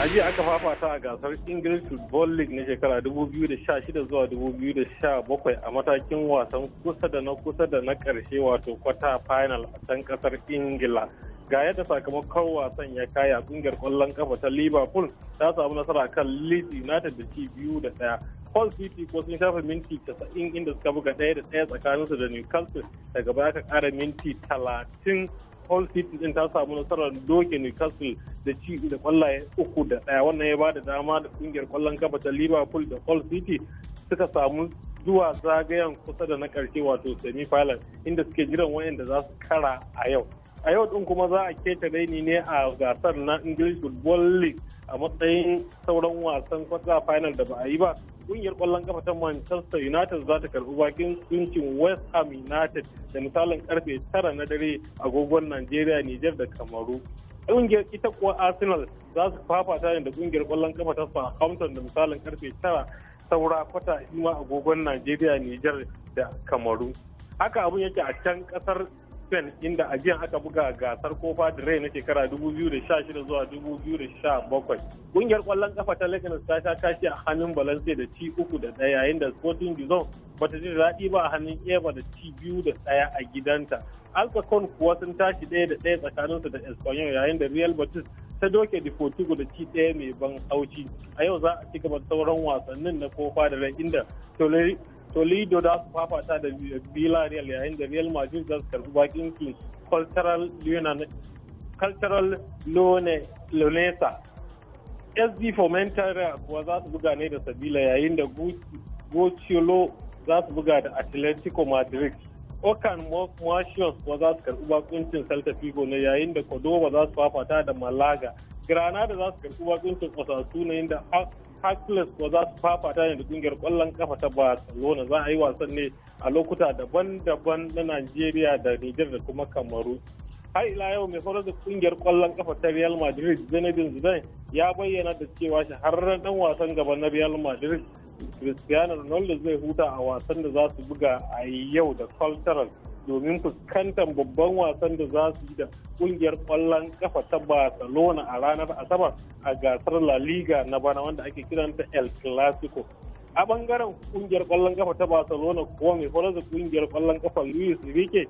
a jiya aka fafata a gasar english football league na shekara 2016 zuwa 2017 a matakin wasan kusa da na kusa da na karshe wato kwata final a can kasar ingila ga yadda sakamakon wasan ya kaya kungiyar kwallon kafa ta liverpool ta samu nasara kan leeds united da ci biyu da daya Hull City ko sun shafa minti 90 inda suka buga ɗaya da ɗaya tsakaninsu da Newcastle daga baya aka kara minti 30 Hull City din ta samu nasarar doke Newcastle da ci da kwallaye uku da daya wannan ya bada dama da kungiyar kwallon kafa ta Liverpool da Hull City suka samu zuwa zagayen kusa da na karshe wato semi final inda suke jiran wayanda za su kara a yau a yau din kuma za a keta raini ne a gasar na English Football League a matsayin sauran wasan kwata final da ba a yi ba kungiyar kwallon kafa ta Manchester United za ta karbi bakin tsuncin West Ham United da misalin karfe tara na dare a gogon Najeriya, Nijar da Kamaru. Kungiyar ita kuwa Arsenal za su fafata ne da kungiyar kwallon kafa ta Southampton da misalin karfe tara saura kwata ima agogon Najeriya, Nijar da Kamaru. Haka abun yake a can kasar Spain inda a jiya aka buga gasar Copa del Rey na shekara 2016 zuwa 2017. Kungiyar kwallon kafa ta Lakers ta sha kashi a hannun Valencia da ci uku da ɗaya yayin da Sporting Gizon bata ji daɗi ba a hannun Eva da ci biyu da ɗaya a gidanta. Alcacon kuwa sun tashi ɗaya da ɗaya tsakaninsu da Espanyol yayin da Real Betis ta doke da da ci ɗaya mai ban haushi a yau za a ci gaba sauran wasannin na kofa da rai inda Toledo da su fafata da Villarreal yayin da Real Madrid za su karbi bakin su Cultural Cultural Lonesa SD Formentera kuwa za su buga ne da Sabila yayin da Gocciolo za su buga da Atletico Madrid Okan Martians ba za su karɓi bakuncin Celta Figo ne yayin da Cordoba za su fafata da Malaga. Granada za su karɓi bakuncin Osasuna da Hercules ba za su fafata ne da kungiyar ƙwallon kafa ta Barcelona za a yi wasan ne a lokuta daban-daban na Najeriya da Nijar da kuma Kamaru. har ila yau mai horar da kungiyar kwallon kafa ta Real Madrid Zinedine Zidane ya bayyana da cewa shahararren dan wasan gaba na Real Madrid Cristiano Ronaldo zai huta a wasan da za su buga a yau da Cultural domin fuskantar babban wasan da za su yi da kungiyar kwallon kafa ta Barcelona a ranar Asabar a gasar La Liga na bana wanda ake kiranta El Clasico. a bangaren kungiyar kwallon kafa ta barcelona kuwa mai horar da kungiyar kwallon kafa luis enrique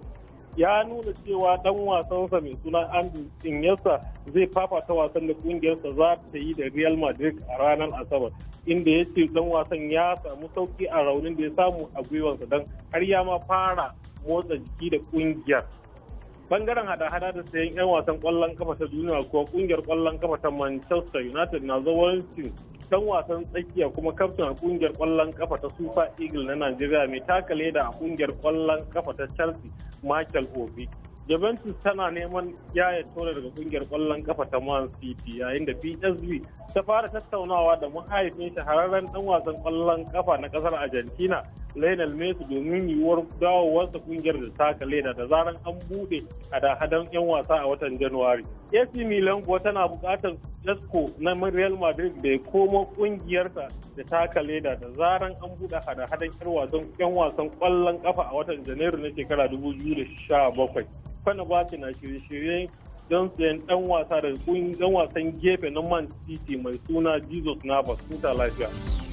ya nuna cewa dan wasansa mai suna Andy Inyesa zai fafata wasan da kungiyarsa za ta yi da Real Madrid a ranar Asabar inda ya ce dan wasan ya samu sauki a raunin da ya samu a gwiwansa don har ya ma fara motsa jiki da kungiyar bangaren hada-hada da sayan 'yan wasan kwallon kafa ta duniya ko kungiyar kwallon kafa ta manchester united na zawancin dan wasan tsakiya kuma kaftin a kungiyar kwallon kafa ta super eagle na nigeria mai taka leda a kungiyar kwallon kafa ta chelsea michael obi Juventus tana neman yaya tore daga kungiyar kwallon kafa ta Man City yayin da PSV ta fara tattaunawa da mahaifin shahararren dan wasan kwallon kafa na kasar Argentina Lionel Messi domin yiwuwar dawowarsa kungiyar da taka leda da zaran an bude hada-hadan 'yan wasa a watan Januwari. AC Milan kuwa tana bukatar Jasko na Real Madrid da ya komo kungiyarsa da taka leda da zaran an buɗe hada-hadan 'yan wasan kwallon kafa a watan Janairu na shekara 2017. Fenerbahce na shirye-shirye don sayan dan wasa da wasan gefe na Man City mai suna Jesus Navas. Huta lafiya.